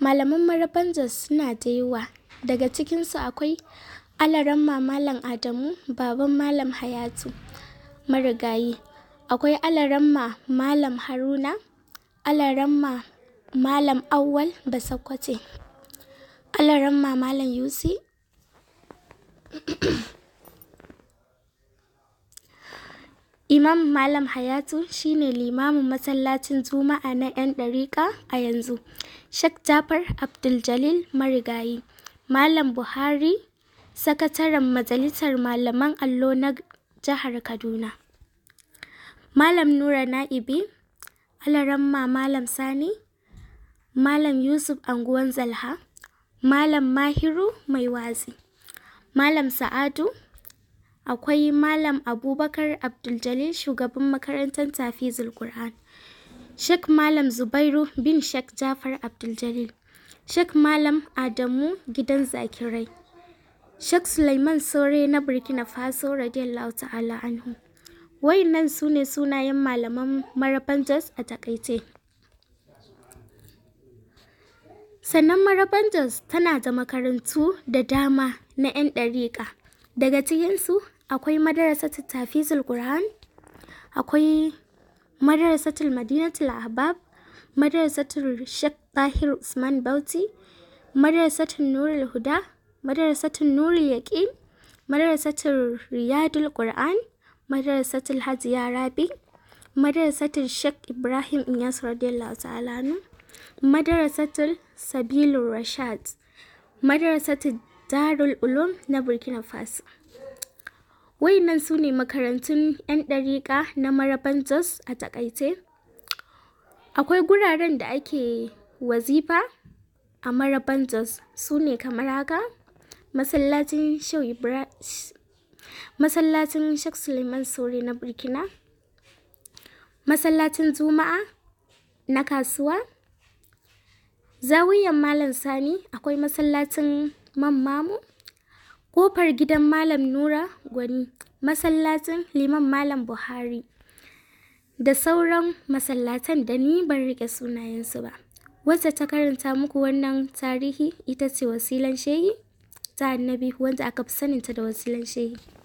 Malaman Maraban suna da yawa, daga cikinsu akwai alaran Malam Adamu baban Malam Hayatu marigayi, akwai alaran Malam Haruna, alaran Malam Auwal Basakwate, alaran Malam Yusi, Imam Malam Hayatu shine limamin masallacin Juma'a na 'yan ɗariƙa a yanzu, Sheikh Jafar Abdul-Jalil Marigayi, Malam Buhari, sakataren Majalisar Malaman Allo na Jihar Kaduna, Malam Nura Na'ibi, Alaramma Malam Sani, Malam Yusuf Anguwan Zalha, Malam Mahiru Maiwazi, Malam Sa'adu akwai Malam Abubakar abdul Shugaban Makarantar Tafizul Qur'an, Sheikh Malam Zubairu bin Sheikh Jafar Abdul-Jalil, Malam Adamu Gidan Zakirai, Sheikh Sulaiman Sore na Burkina Faso radiyallahu ta'ala anhu. Wayannan su ne sunayen malaman Maraban Jos a takaice. Sannan Maraban Jos tana da makarantu da dama na 'yan ɗariƙa. Daga cikinsu akwai ta tafizul qur'an akwai madarasatul madinatul ahbab madarasatul shek tahir usman bauchi madarasatul nurul huda madarasatul nurul yaqin madarasatul riyadul qur'an madarasatul hajiya rabi madarasatul shek ibrahim inyas radiyallahu ta'ala madarasatul sabilur rashad madarasatul darul ulum na burkina faso Wayannan su ne makarantun 'yan ɗariƙa na Maraban Jos a takaice Akwai guraren da ake wazifa a Maraban Jos su ne kamar haka: Masallacin Sheikh Suleiman Sore na Burkina, Masallacin Juma'a na Kasuwa, Zawiyan Malam Sani akwai Masallacin Mammamu. kofar gidan Malam Nura Gwani, masallacin Liman Malam Buhari da sauran masallatan da ni ban riƙe sunayensu ba. Wacce ta karanta muku wannan tarihi ita ce wasilan shehi ta annabi wanda aka fi saninta da wasilan shehi.